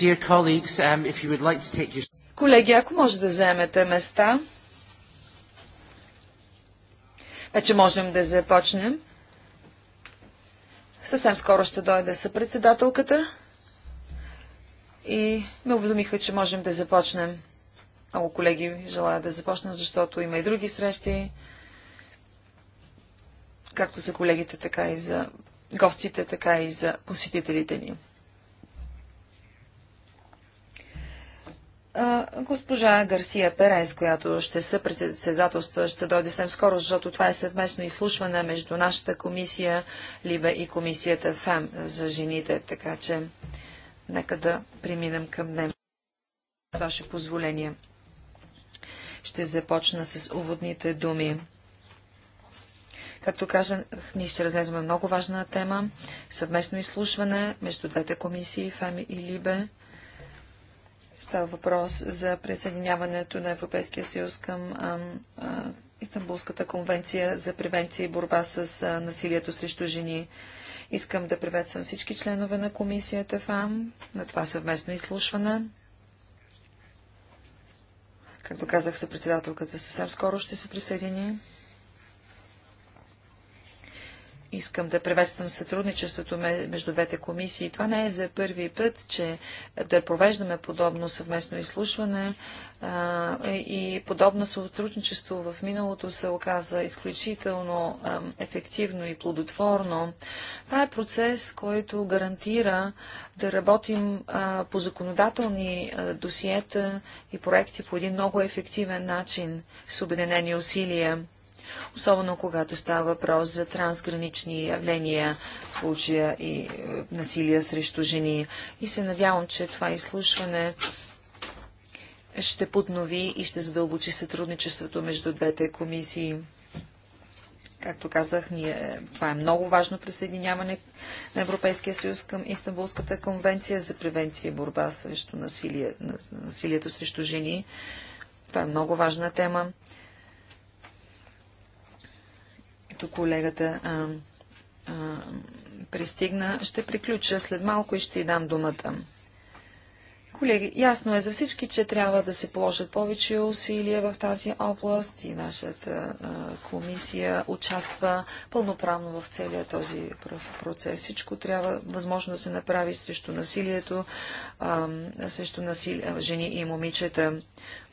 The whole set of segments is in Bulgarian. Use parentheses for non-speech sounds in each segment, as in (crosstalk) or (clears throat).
Dear colleagues, um, if you would like to take your... Колеги, ако може да вземете места, вече можем да започнем. Съвсем скоро ще дойде съпредседателката и ме уведомиха, че можем да започнем. Много колеги желая да започнем, защото има и други срещи, както за колегите, така и за гостите, така и за посетителите ни. Госпожа Гарсия Перес, която ще се председателства, ще дойде съвсем скоро, защото това е съвместно изслушване между нашата комисия, Либе и комисията ФЕМ за жените, така че нека да преминем към днем. С ваше позволение ще започна с уводните думи. Както казах, ние ще разглеждаме много важна тема – съвместно изслушване между двете комисии ФЕМ и Либе – Става въпрос за присъединяването на Европейския съюз към а, а, Истанбулската конвенция за превенция и борба с а, насилието срещу жени. Искам да приветствам всички членове на комисията ФАМ на това съвместно изслушване. Както казах, съпредседателката съвсем скоро ще се присъедини. Искам да приветствам сътрудничеството между двете комисии. Това не е за първи път, че да провеждаме подобно съвместно изслушване и подобно сътрудничество в миналото се оказа изключително ефективно и плодотворно. Това е процес, който гарантира да работим по законодателни досиета и проекти по един много ефективен начин с обединени усилия особено когато става въпрос за трансгранични явления, случая и е, насилие срещу жени. И се надявам, че това изслушване ще поднови и ще задълбочи сътрудничеството между двете комисии. Както казах, ние, това е много важно присъединяване на Европейския съюз към Истанбулската конвенция за превенция и борба срещу насилие, насилието срещу жени. Това е много важна тема. докато колегата а, а, пристигна. Ще приключа след малко и ще й дам думата. Колеги, ясно е за всички, че трябва да се положат повече усилия в тази област и нашата а, комисия участва пълноправно в целия този процес. Всичко трябва възможно да се направи срещу насилието, а, срещу насили... жени и момичета.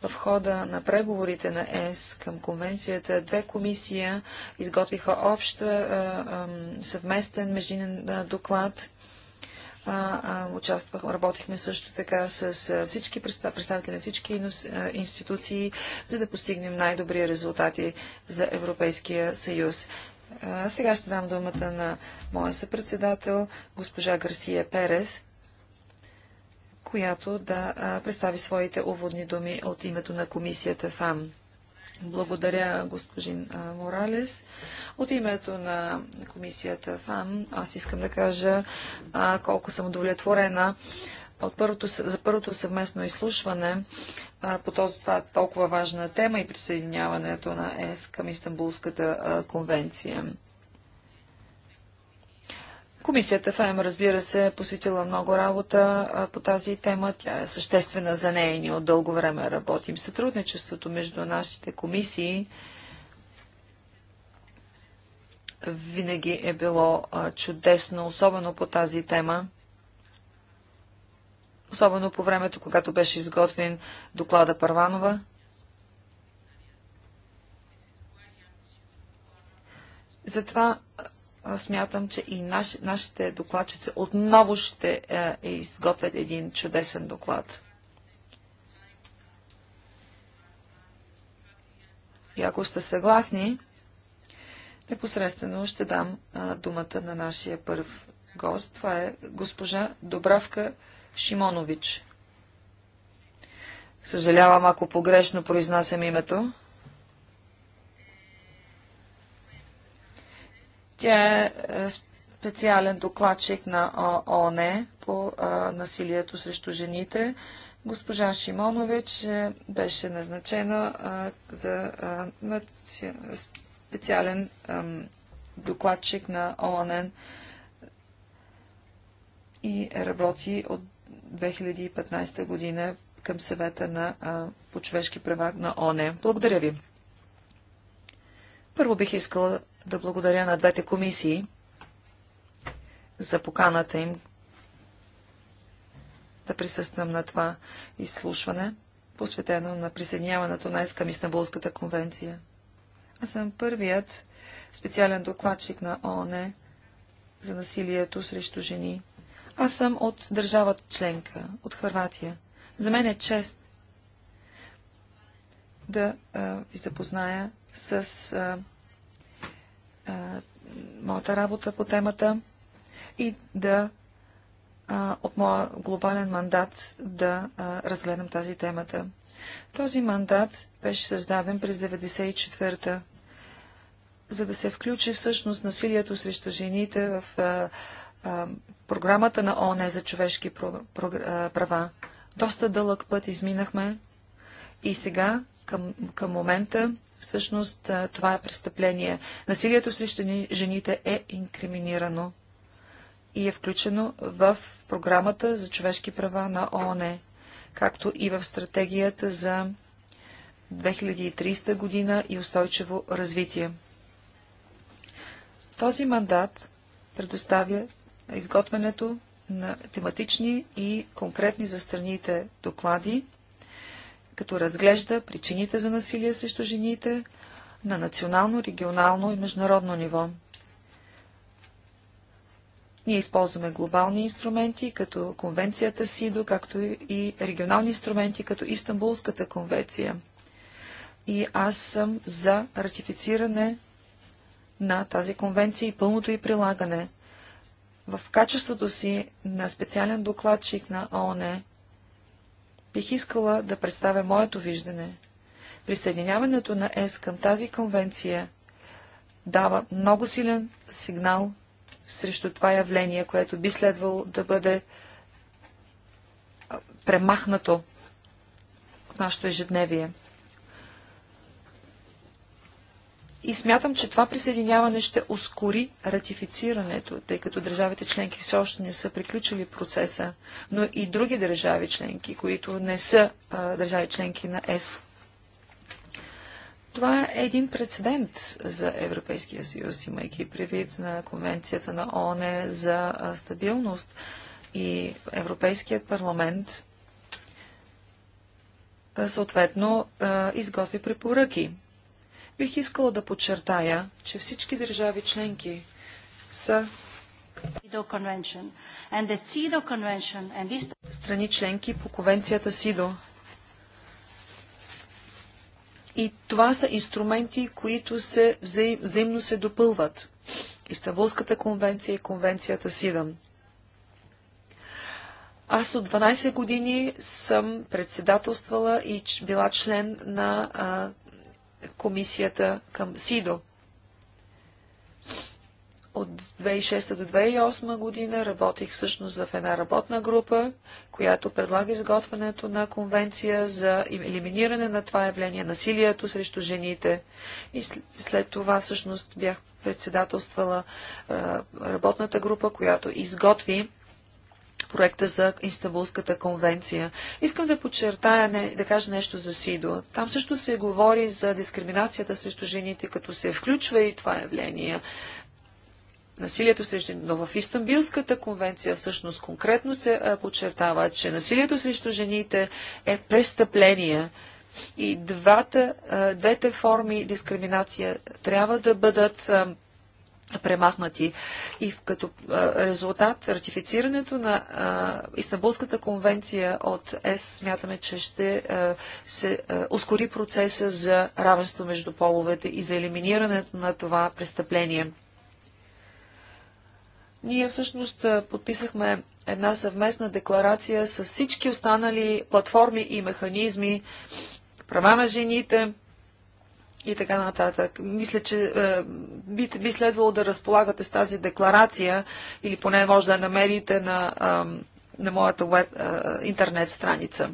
В хода на преговорите на ЕС към конвенцията две комисия изготвиха общ съвместен междинен доклад участвах, работихме също така с всички представители на всички институции, за да постигнем най-добри резултати за Европейския съюз. сега ще дам думата на моя съпредседател, госпожа Гарсия Перес, която да представи своите уводни думи от името на комисията ФАМ. Благодаря, господин Моралес. От името на комисията ФАМ аз искам да кажа а, колко съм удовлетворена от първото, за първото съвместно изслушване а, по този това толкова важна тема и присъединяването на ЕС към Истанбулската а, конвенция. Комисията ФМ, разбира се, е посветила много работа а, по тази тема. Тя е съществена за нея и ние от дълго време работим. Сътрудничеството между нашите комисии винаги е било а, чудесно, особено по тази тема. Особено по времето, когато беше изготвен доклада Парванова. Затова смятам, че и наш, нашите докладчици отново ще е, изготвят един чудесен доклад. И ако сте съгласни, непосредствено ще дам а, думата на нашия първ гост. Това е госпожа Добравка Шимонович. Съжалявам, ако погрешно произнасям името. Тя е, е специален докладчик на ОНЕ по е, насилието срещу жените. Госпожа Шимонович е, беше назначена за специален докладчик на ОНН и работи от 2015 година към съвета на, по човешки права на ОНЕ. Благодаря ви. Първо бих искала да благодаря на двете комисии за поканата им да присъствам на това изслушване, посветено на присъединяването на към Истанбулската конвенция. Аз съм първият специален докладчик на ООН за насилието срещу жени. Аз съм от държавата членка, от Харватия. За мен е чест да а, ви запозная с а, моята работа по темата и да а, от моя глобален мандат да а, разгледам тази темата. Този мандат беше създаден през 1994-та, за да се включи всъщност насилието срещу жените в а, а, програмата на ОНЕ за човешки про, про, а, права. Доста дълъг път изминахме и сега, към, към момента, всъщност това е престъпление. Насилието срещу жените е инкриминирано и е включено в програмата за човешки права на ООН, както и в стратегията за 2030 година и устойчиво развитие. Този мандат предоставя изготвянето на тематични и конкретни за страните доклади като разглежда причините за насилие срещу жените на национално, регионално и международно ниво. Ние използваме глобални инструменти, като конвенцията СИДО, както и регионални инструменти, като Истанбулската конвенция. И аз съм за ратифициране на тази конвенция и пълното й прилагане. В качеството си на специален докладчик на ООН бих искала да представя моето виждане. Присъединяването на ЕС към тази конвенция дава много силен сигнал срещу това явление, което би следвало да бъде премахнато от нашето ежедневие. и смятам, че това присъединяване ще ускори ратифицирането, тъй като държавите членки все още не са приключили процеса, но и други държави членки, които не са а, държави членки на ЕС. Това е един прецедент за Европейския съюз, имайки предвид на Конвенцията на ООН за стабилност и Европейският парламент съответно изготви препоръки Бих искала да подчертая, че всички държави членки са страни членки по конвенцията СИДО. И това са инструменти, които се взаим, взаимно се допълват. Истанбулската конвенция и конвенцията СИДАМ. Аз от 12 години съм председателствала и била член на а, комисията към СИДО. От 2006 до 2008 година работих всъщност в една работна група, която предлага изготвянето на конвенция за елиминиране на това явление, насилието срещу жените. И след това всъщност бях председателствала работната група, която изготви проекта за Инстанбулската конвенция. Искам да подчертая, не, да кажа нещо за СИДО. Там също се говори за дискриминацията срещу жените, като се включва и това явление. Насилието срещу... Но в Истанбулската конвенция всъщност конкретно се подчертава, че насилието срещу жените е престъпление. И двата, двете форми дискриминация трябва да бъдат премахнати. И като резултат ратифицирането на Истанбулската конвенция от ЕС смятаме, че ще се ускори процеса за равенство между половете и за елиминирането на това престъпление. Ние всъщност подписахме една съвместна декларация с всички останали платформи и механизми, права на жените, и така нататък. Мисля, че е, би, би следвало да разполагате с тази декларация или поне може да я намерите на, на моята веб, е, интернет страница.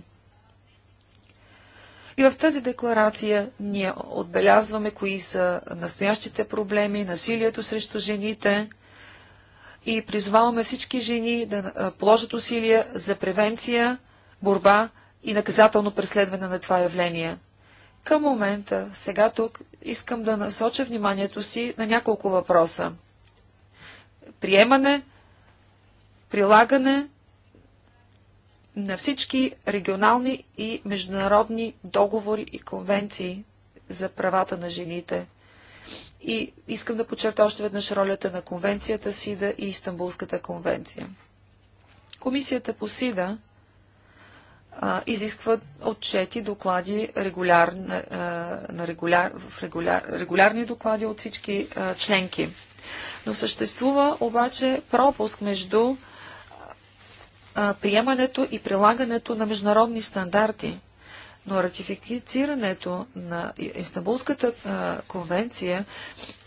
И в тази декларация ние отбелязваме кои са настоящите проблеми, насилието срещу жените и призоваваме всички жени да е, положат усилия за превенция, борба и наказателно преследване на това явление. Към момента, сега тук, искам да насоча вниманието си на няколко въпроса. Приемане, прилагане на всички регионални и международни договори и конвенции за правата на жените. И искам да подчерта още веднъж ролята на конвенцията СИДА и Истанбулската конвенция. Комисията по СИДА а, изискват отчети, доклади регуляр, а, на регуляр, в регуляр, регулярни доклади от всички а, членки. Но съществува обаче пропуск между а, приемането и прилагането на международни стандарти. Но ратифицирането на Истанбулската а, конвенция,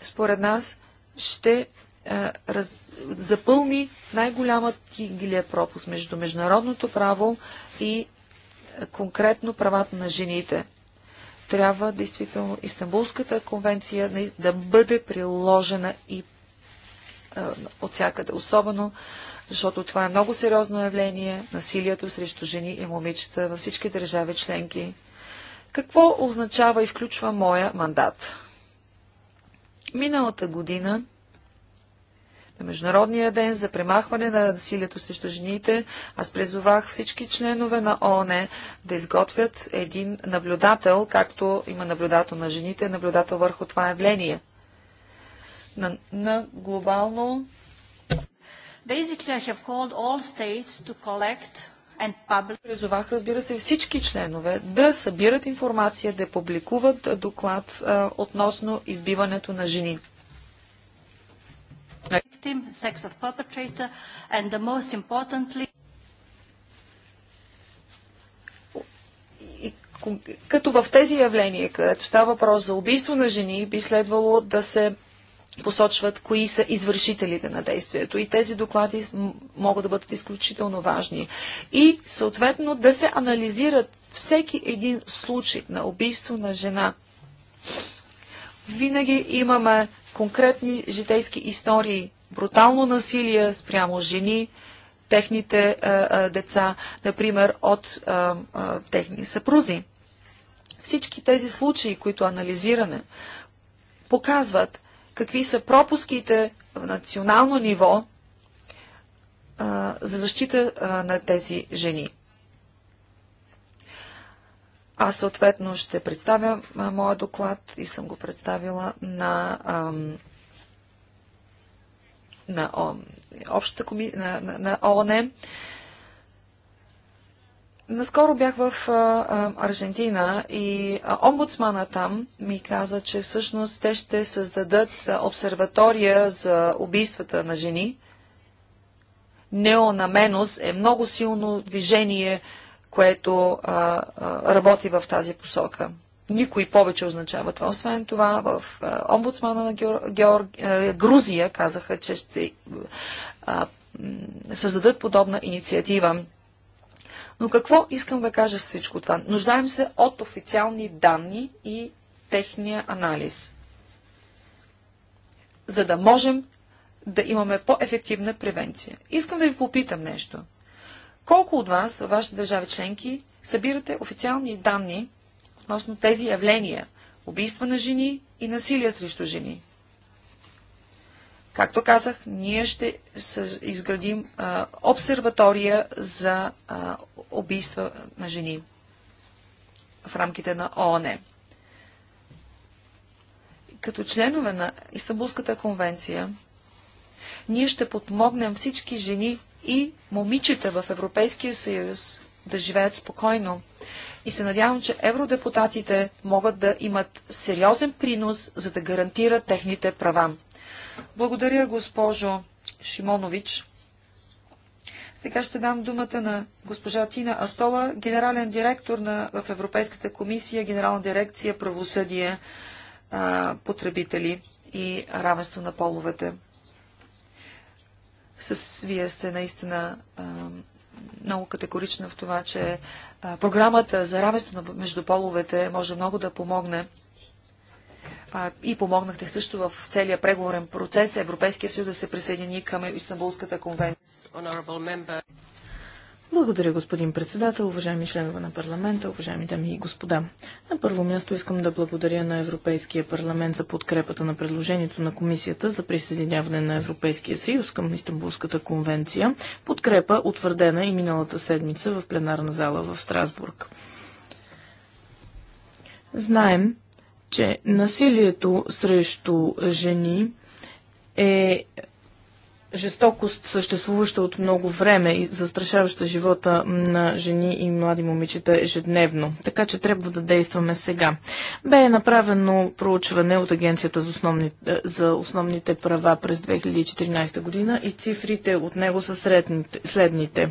според нас, ще а, раз, запълни най-голямата гилия пропуск между международното право и конкретно правата на жените. Трябва действително Истанбулската конвенция да бъде приложена и е, от всякъде, особено защото това е много сериозно явление насилието срещу жени и момичета във всички държави членки. Какво означава и включва моя мандат? Миналата година на Международния ден за премахване на насилието срещу жените, аз призовах всички членове на ООН да изготвят един наблюдател, както има наблюдател на жените, наблюдател върху това явление. На, на глобално. Basically, I have called all states to collect Призовах, разбира се, всички членове да събират информация, да публикуват доклад а, относно избиването на жени victim, sex of perpetrator, and the most importantly, като в тези явления, където става въпрос за убийство на жени, би следвало да се посочват кои са извършителите на действието. И тези доклади могат да бъдат изключително важни. И съответно да се анализират всеки един случай на убийство на жена. Винаги имаме конкретни житейски истории брутално насилие спрямо жени, техните а, е, а, е, деца, например, от а, е, а, техни съпрузи. Всички тези случаи, които анализираме, показват какви са пропуските в национално ниво а, за защита а, на тези жени. Аз съответно ще представя моят моя доклад и съм го представила на на, О, общата коми... на, на, на ООН. Наскоро бях в а, Аржентина и омбудсмана там ми каза, че всъщност те ще създадат обсерватория за убийствата на жени. Неонаменос е много силно движение, което а, а, работи в тази посока никой повече означава това. Освен това, в е, омбудсмана на Геор... Геор... Е, Грузия казаха, че ще е, създадат подобна инициатива. Но какво искам да кажа с всичко това? Нуждаем се от официални данни и техния анализ, за да можем да имаме по-ефективна превенция. Искам да ви попитам нещо. Колко от вас във вашите държави членки събирате официални данни относно тези явления – убийства на жени и насилие срещу жени. Както казах, ние ще изградим а, обсерватория за а, убийства на жени в рамките на ООН. Като членове на Истанбулската конвенция, ние ще подмогнем всички жени и момичета в Европейския съюз да живеят спокойно, и се надявам, че евродепутатите могат да имат сериозен принос, за да гарантират техните права. Благодаря, госпожо Шимонович. Сега ще дам думата на госпожа Тина Астола, генерален директор на, в Европейската комисия, генерална дирекция правосъдие, потребители и равенство на половете. С вие сте наистина много категорична в това, че програмата за равенство между половете може много да помогне. и помогнахте също в целия преговорен процес Европейския съюз да се присъедини към Истанбулската конвенция. Благодаря, господин председател, уважаеми членове на парламента, уважаеми дами и господа. На първо място искам да благодаря на Европейския парламент за подкрепата на предложението на Комисията за присъединяване на Европейския съюз към Истанбулската конвенция, подкрепа утвърдена и миналата седмица в пленарна зала в Страсбург. Знаем, че насилието срещу жени е жестокост, съществуваща от много време и застрашаваща живота на жени и млади момичета ежедневно. Така че трябва да действаме сега. Бе направено проучване от Агенцията за, основни, е, за основните права през 2014 година и цифрите от него са средните, следните.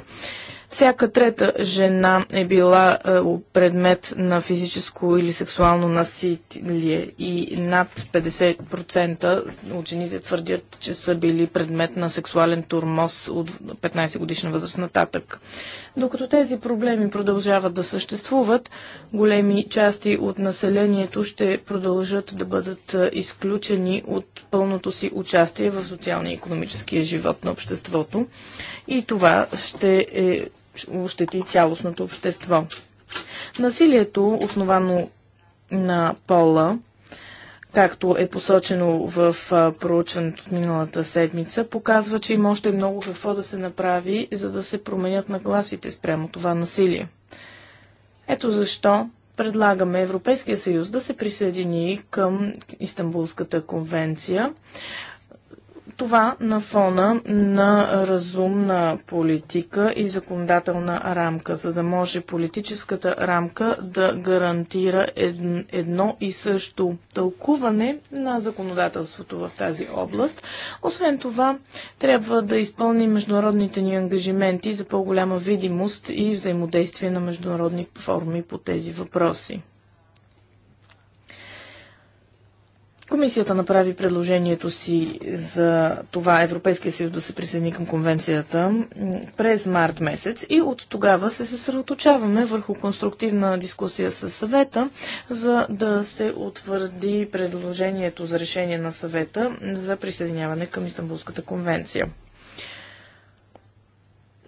Всяка трета жена е била е, предмет на физическо или сексуално насилие и над 50% от жените твърдят, че са били предмет на сексуален турмоз от 15 годишна възраст нататък. Докато тези проблеми продължават да съществуват, големи части от населението ще продължат да бъдат изключени от пълното си участие в социалния и економическия живот на обществото и това ще е, ощети цялостното общество. Насилието, основано на пола, както е посочено в проучването от миналата седмица, показва, че има още много какво да се направи, за да се променят нагласите спрямо това насилие. Ето защо предлагаме Европейския съюз да се присъедини към Истанбулската конвенция това на фона на разумна политика и законодателна рамка, за да може политическата рамка да гарантира едно и също тълкуване на законодателството в тази област. Освен това, трябва да изпълним международните ни ангажименти за по-голяма видимост и взаимодействие на международни форуми по тези въпроси. Комисията направи предложението си за това Европейския съюз да се присъедини към конвенцията през март месец и от тогава се съсредоточаваме върху конструктивна дискусия с съвета, за да се утвърди предложението за решение на съвета за присъединяване към Истанбулската конвенция.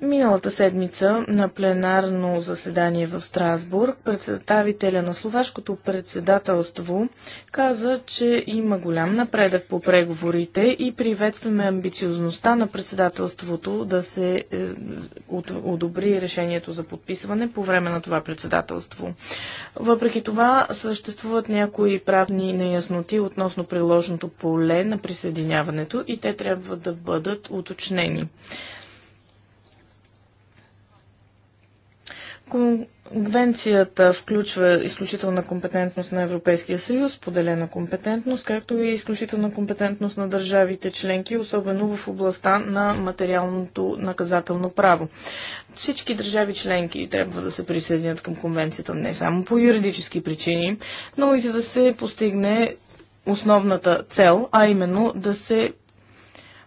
Миналата седмица на пленарно заседание в Страсбург представителя на словашкото председателство каза, че има голям напредък по преговорите и приветстваме амбициозността на председателството да се е, одобри решението за подписване по време на това председателство. Въпреки това съществуват някои правни неясноти относно приложното поле на присъединяването и те трябва да бъдат уточнени. Конвенцията включва изключителна компетентност на Европейския съюз, поделена компетентност, както и изключителна компетентност на държавите членки, особено в областта на материалното наказателно право. Всички държави членки трябва да се присъединят към конвенцията не само по юридически причини, но и за да се постигне основната цел, а именно да се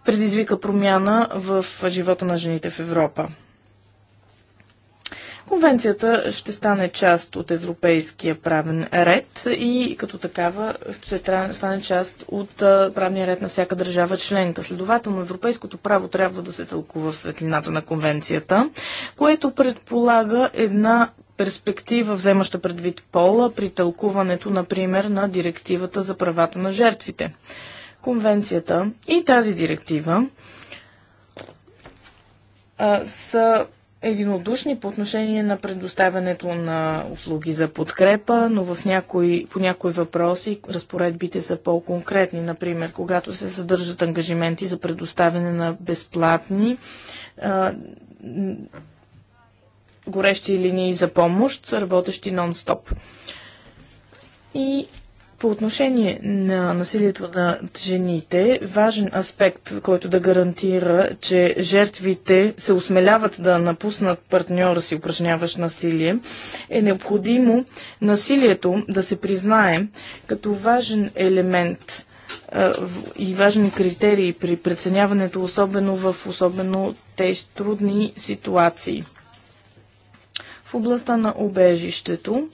предизвика промяна в живота на жените в Европа. Конвенцията ще стане част от европейския правен ред и като такава ще стане част от правния ред на всяка държава членка. Следователно, европейското право трябва да се тълкува в светлината на конвенцията, което предполага една перспектива, вземаща предвид пола при тълкуването, например, на директивата за правата на жертвите. Конвенцията и тази директива а, са единодушни по отношение на предоставянето на услуги за подкрепа, но в някои, по някои въпроси разпоредбите са по-конкретни. Например, когато се съдържат ангажименти за предоставяне на безплатни а, горещи линии за помощ, работещи нон-стоп. И по отношение на насилието на жените, важен аспект, който да гарантира, че жертвите се осмеляват да напуснат партньора си, упражняващ насилие, е необходимо насилието да се признае като важен елемент и важни критерии при преценяването, особено в особено тези трудни ситуации. В областта на обежището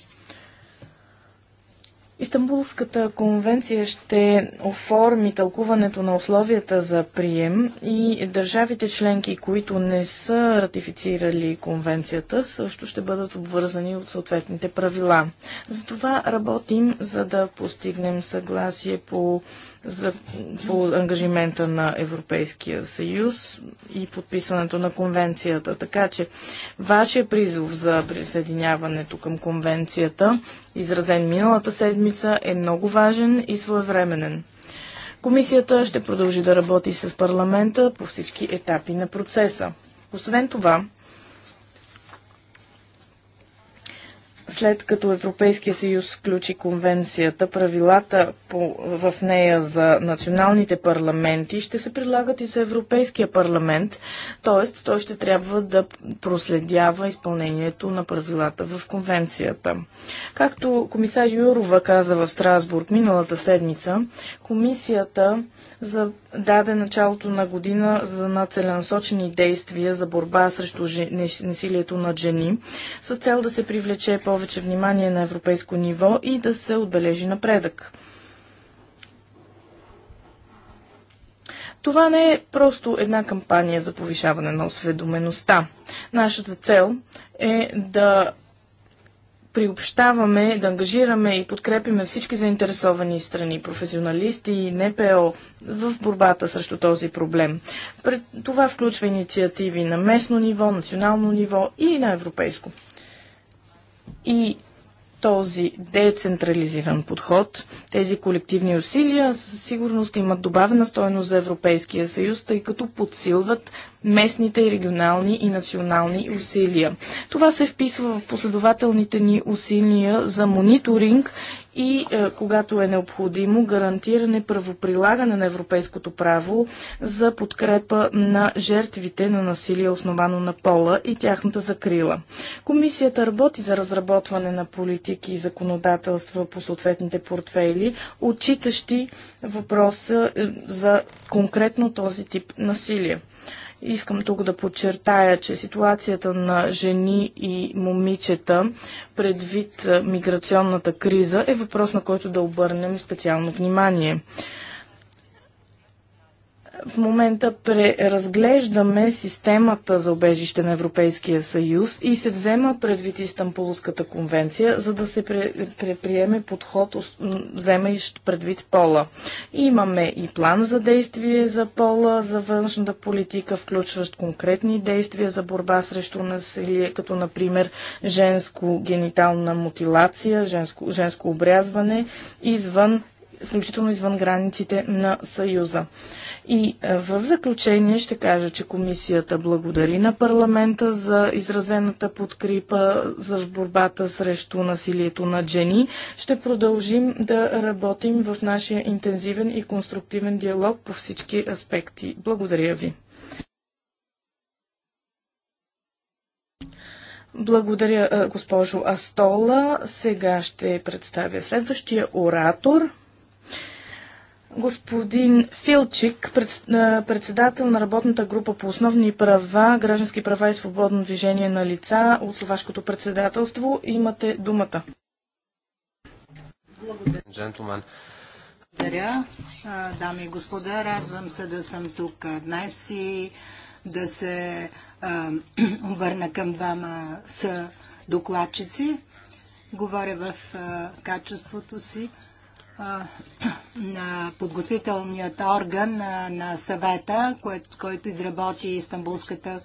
Истанбулската конвенция ще оформи тълкуването на условията за прием и държавите членки, които не са ратифицирали конвенцията, също ще бъдат обвързани от съответните правила. Затова работим, за да постигнем съгласие по за, по ангажимента на Европейския съюз и подписването на конвенцията. Така че вашия призов за присъединяването към конвенцията, изразен миналата седмица, е много важен и своевременен. Комисията ще продължи да работи с парламента по всички етапи на процеса. Освен това, След като Европейския съюз включи конвенцията, правилата по, в нея за националните парламенти ще се прилагат и за Европейския парламент, т.е. той ще трябва да проследява изпълнението на правилата в конвенцията. Както комисар Юрова каза в Страсбург миналата седмица, комисията за даде началото на година за нацеленасочени действия за борба срещу насилието на жени, с цел да се привлече повече внимание на европейско ниво и да се отбележи напредък. Това не е просто една кампания за повишаване на осведомеността. Нашата цел е да приобщаваме, да ангажираме и подкрепиме всички заинтересовани страни, професионалисти и НПО в борбата срещу този проблем. Пред това включва инициативи на местно ниво, национално ниво и на европейско. И този децентрализиран подход, тези колективни усилия със сигурност имат добавена стоеност за Европейския съюз, тъй като подсилват местните, регионални и национални усилия. Това се вписва в последователните ни усилия за мониторинг и, е, когато е необходимо, гарантиране правоприлагане на европейското право за подкрепа на жертвите на насилие, основано на пола и тяхната закрила. Комисията работи за разработване на политики и законодателства по съответните портфейли, отчитащи въпроса е, за конкретно този тип насилие. Искам тук да подчертая, че ситуацията на жени и момичета предвид миграционната криза е въпрос, на който да обърнем специално внимание. В момента преразглеждаме системата за обежище на Европейския съюз и се взема предвид Истанбулската конвенция, за да се предприеме подход, вземащ предвид пола. Имаме и план за действие за пола, за външната политика, включващ конкретни действия за борба срещу насилие, като например женско генитална мутилация, женско, женско обрязване, извън, включително извън границите на Съюза. И е, в заключение ще кажа, че комисията благодари на парламента за изразената подкрепа за борбата срещу насилието на жени. Ще продължим да работим в нашия интензивен и конструктивен диалог по всички аспекти. Благодаря ви. Благодаря, е, госпожо Астола. Сега ще представя следващия оратор господин Филчик, председател на работната група по основни права, граждански права и свободно движение на лица от Словашкото председателство. Имате думата. Благодаря. Благодаря, дами и господа. Радвам се да съм тук днес и да се (clears throat) обърна към двама с докладчици. Говоря в качеството си (clears throat) на подготвителният орган на, съвета, който изработи Истанбулската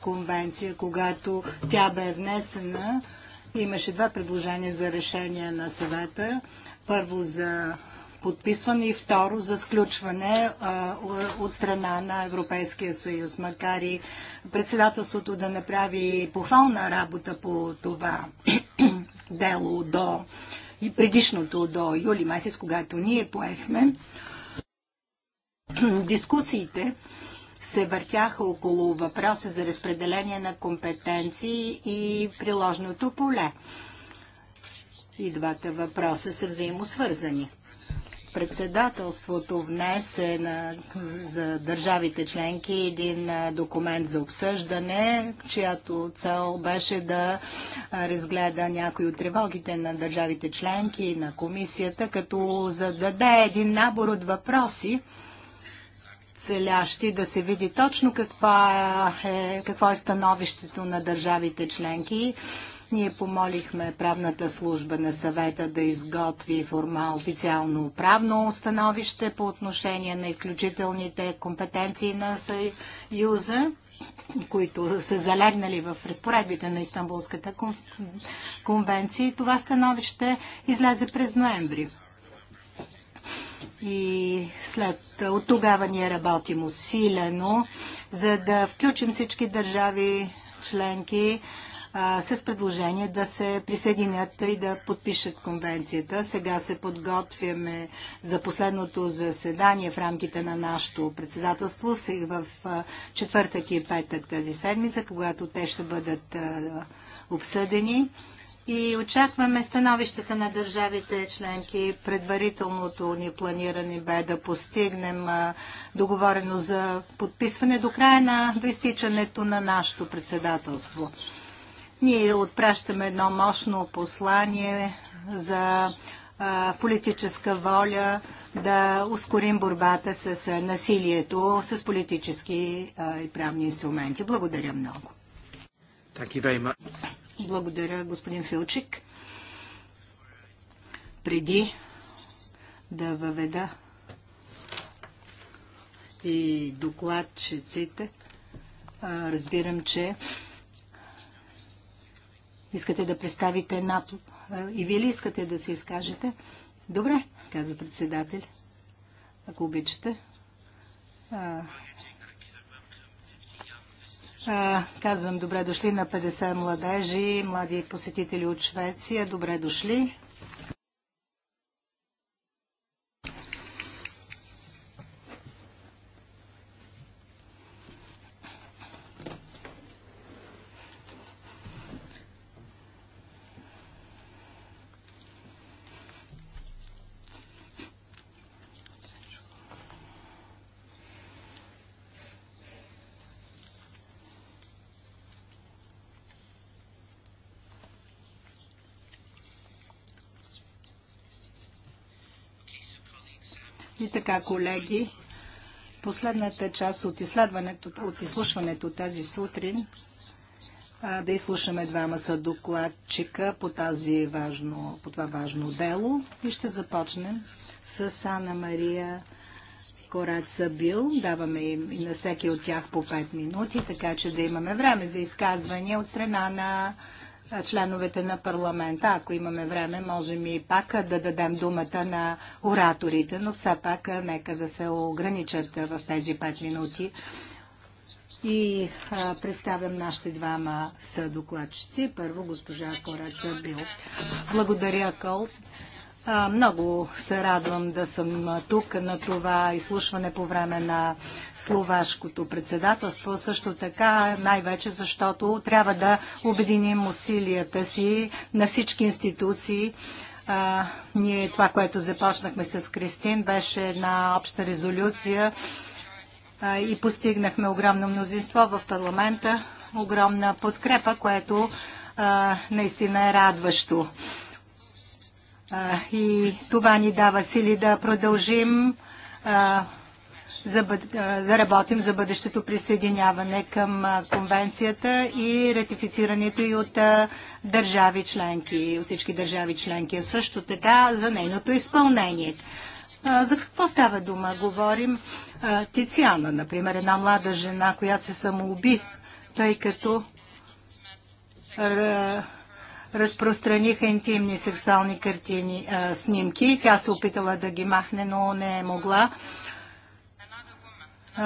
конвенция, когато тя бе внесена. Имаше два предложения за решение на съвета. Първо за подписване и второ за сключване от страна на Европейския съюз, макар и председателството да направи похвална работа по това (clears throat) дело до и предишното до юли месец, когато ние поехме, дискусиите се въртяха около въпроса за разпределение на компетенции и приложното поле. И двата въпроса са взаимосвързани председателството внесе на, за държавите членки един документ за обсъждане, чиято цел беше да разгледа някои от тревогите на държавите членки и на комисията, като зададе един набор от въпроси, целящи да се види точно каква е, какво е становището на държавите членки ние помолихме правната служба на съвета да изготви форма официално правно становище по отношение на изключителните компетенции на Съюза които са залегнали в разпоредбите на Истанбулската конвенция. И това становище излезе през ноември. И след от тогава ние работим усилено, за да включим всички държави членки а, с предложение да се присъединят и да подпишат конвенцията. Сега се подготвяме за последното заседание в рамките на нашето председателство в четвъртък и петък тази седмица, когато те ще бъдат а, обсъдени и очакваме становищата на държавите членки. Предварителното ни планиране бе да постигнем договорено за подписване до края на до изтичането на нашето председателство. Ние отпращаме едно мощно послание за политическа воля да ускорим борбата с насилието, с политически и правни инструменти. Благодаря много. Благодаря, господин Филчик. Преди да въведа и докладчиците, разбирам, че Искате да представите една... И вие ли искате да се изкажете? Добре, казва председател. Ако обичате. А, а, казвам, добре дошли на 50 младежи, млади посетители от Швеция. Добре дошли. така, колеги, последната част от изследването, от изслушването тази сутрин, да изслушаме двама са докладчика по, тази важно, по това важно дело и ще започнем с Анна Мария Кораца Бил. Даваме им и на всеки от тях по 5 минути, така че да имаме време за изказвания от страна на членовете на парламента. Ако имаме време, можем и пак да дадем думата на ораторите, но все пак нека да се ограничат в тези 5 минути. И а, представям нашите двама съдокладчици. Първо госпожа Кораца Бил. Благодаря, Кол. Много се радвам да съм тук на това изслушване по време на словашкото председателство. Също така, най-вече защото трябва да обединим усилията си на всички институции. А, ние това, което започнахме с Кристин, беше една обща резолюция а, и постигнахме огромно мнозинство в парламента, огромна подкрепа, което а, наистина е радващо и това ни дава сили да продължим за, да работим за бъдещето присъединяване към конвенцията и ратифицирането и от държави членки, от всички държави членки, а също така за нейното изпълнение. За какво става дума? Говорим Тициана, например, една млада жена, която се самоуби, тъй като разпространиха интимни сексуални картини, снимки. Тя се опитала да ги махне, но не е могла.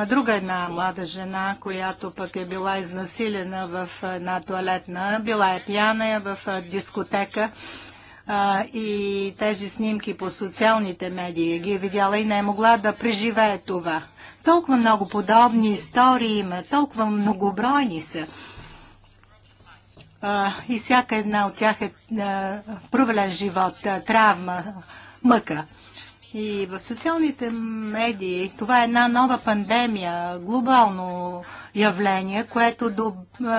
друга една млада жена, която пък е била изнасилена в една туалетна, била е пияна в дискотека и тези снимки по социалните медии ги е видяла и не е могла да преживее това. Толкова много подобни истории има, толкова многобройни са и всяка една от тях е провален живот, травма, мъка. И в социалните медии това е една нова пандемия, глобално явление, което до,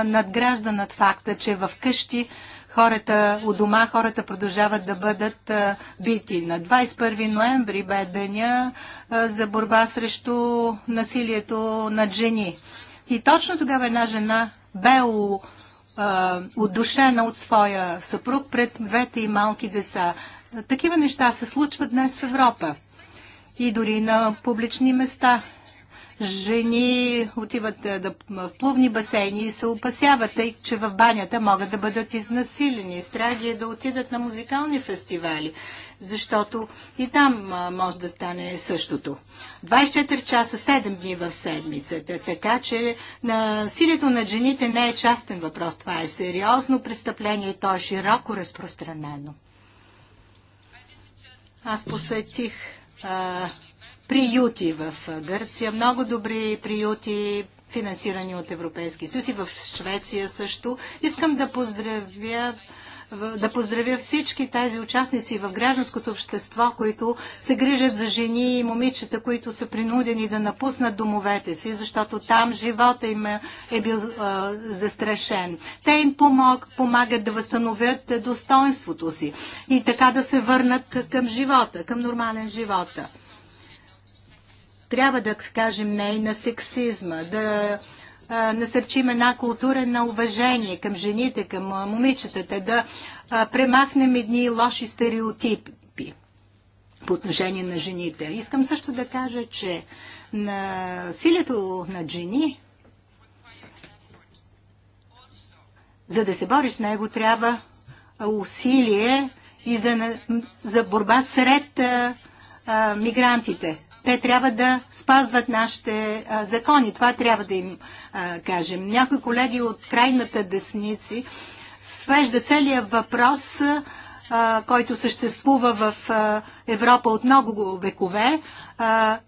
надгражда над факта, че в къщи хората, у дома хората продължават да бъдат бити. На 21 ноември бе деня за борба срещу насилието над жени. И точно тогава една жена бе у, отдушена от своя съпруг пред двете и малки деца. Такива неща се случват днес в Европа и дори на публични места жени отиват е, да, в плувни басейни и се опасяват, тъй че в банята могат да бъдат изнасилени. Страх е да отидат на музикални фестивали, защото и там а, може да стане същото. 24 часа, 7 дни в седмицата, така че насилието на жените не е частен въпрос. Това е сериозно престъпление и то е широко разпространено. Аз посетих а, приюти в Гърция, много добри приюти, финансирани от Европейски съюз и в Швеция също. Искам да поздравя да поздравя всички тези участници в гражданското общество, които се грижат за жени и момичета, които са принудени да напуснат домовете си, защото там живота им е, е бил застрашен. Те им помог, помагат да възстановят достоинството си и така да се върнат към живота, към нормален живота. Трябва да кажем не и на сексизма, да насърчим една култура на уважение към жените, към момичетата, да премахнем едни лоши стереотипи по отношение на жените. Искам също да кажа, че силето на жени, за да се бориш с него, трябва усилие и за, за борба сред а, а, мигрантите. Те трябва да спазват нашите а, закони. Това трябва да им а, кажем. Някои колеги от крайната десници свежда целият въпрос, а, който съществува в а, Европа от много векове, а,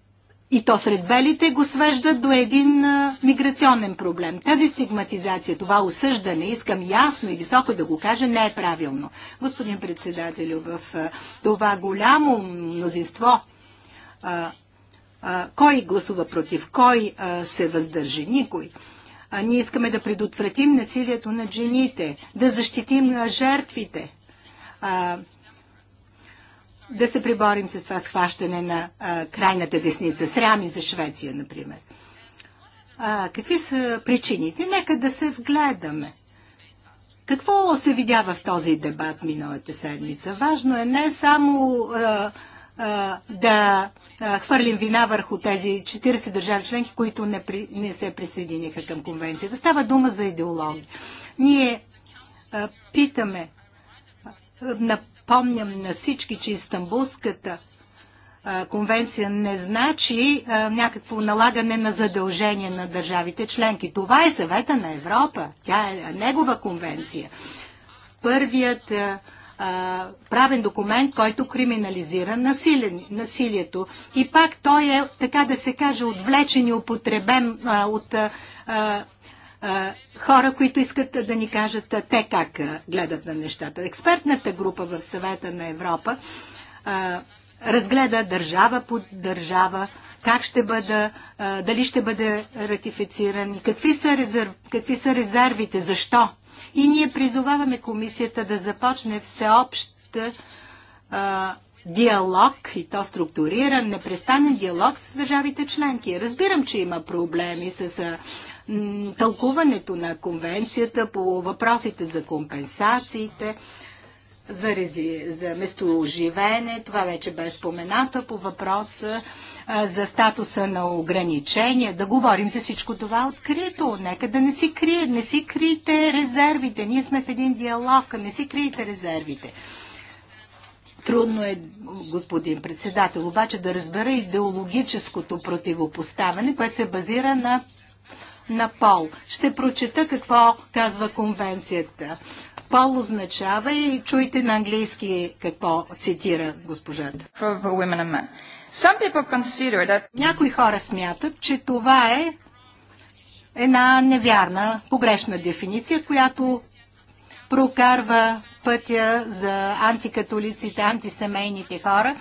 и то сред белите го свежда до един а, миграционен проблем. Тази стигматизация, това осъждане, искам ясно и високо да го кажа, не е правилно. Господин председател, в а, това голямо мнозинство а, кой гласува против, кой се въздържи, никой. А ние искаме да предотвратим насилието на жените, да защитим на жертвите, а, да се приборим с това схващане на а, крайната десница, срами за Швеция, например. А, какви са причините? Нека да се вгледаме. Какво се видява в този дебат миналата седмица? Важно е не само а, да хвърлим вина върху тези 40 държави членки, които не, при, не се присъединиха към конвенцията. Става дума за идеология. Ние а, питаме, а, напомням на всички, че Истанбулската а, конвенция не значи а, някакво налагане на задължение на държавите членки. Това е съвета на Европа. Тя е негова конвенция. Първият а, правен документ, който криминализира насилието. И пак той е, така да се каже, отвлечен и употребен а, от а, а, хора, които искат да ни кажат а, те как а, гледат на нещата. Експертната група в съвета на Европа а, разгледа държава по държава как ще бъде, дали ще бъде ратифициран и какви са, резерв, какви са резервите, защо и ние призоваваме комисията да започне всеобщ а, диалог, и то структуриран, непрестанен диалог с държавите членки. Разбирам, че има проблеми с а, м, тълкуването на конвенцията по въпросите за компенсациите, за, рези, за местоживеене. Това вече бе спомената по въпроса за статуса на ограничения. Да говорим за всичко това открито. Нека да не си крият, не си крийте резервите. Ние сме в един диалог, не си криете резервите. Трудно е, господин председател, обаче да разбера идеологическото противопоставяне, което се базира на на пол. Ще прочета какво казва конвенцията. Пол означава и чуйте на английски какво цитира госпожата. That... Някои хора смятат, че това е една невярна, погрешна дефиниция, която прокарва пътя за антикатолиците, антисемейните хора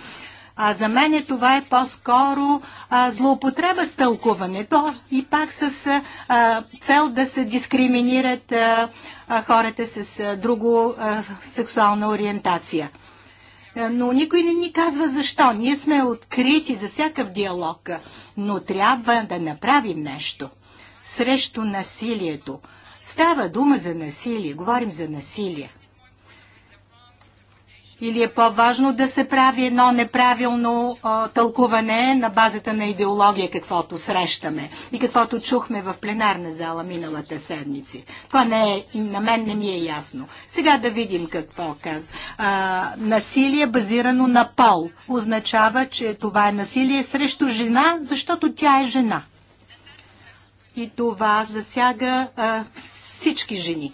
а за мен е това е по-скоро злоупотреба с тълкуването и пак с а, цел да се дискриминират а, а, хората с а, друго а, сексуална ориентация. Но никой не ни казва защо. Ние сме открити за всякакъв диалог, но трябва да направим нещо срещу насилието. Става дума за насилие, говорим за насилие или е по-важно да се прави едно неправилно а, тълкуване на базата на идеология, каквото срещаме и каквото чухме в пленарна зала миналата седмици. Това не е, на мен не ми е ясно. Сега да видим какво казва. Насилие базирано на пол означава, че това е насилие срещу жена, защото тя е жена. И това засяга а, всички жени.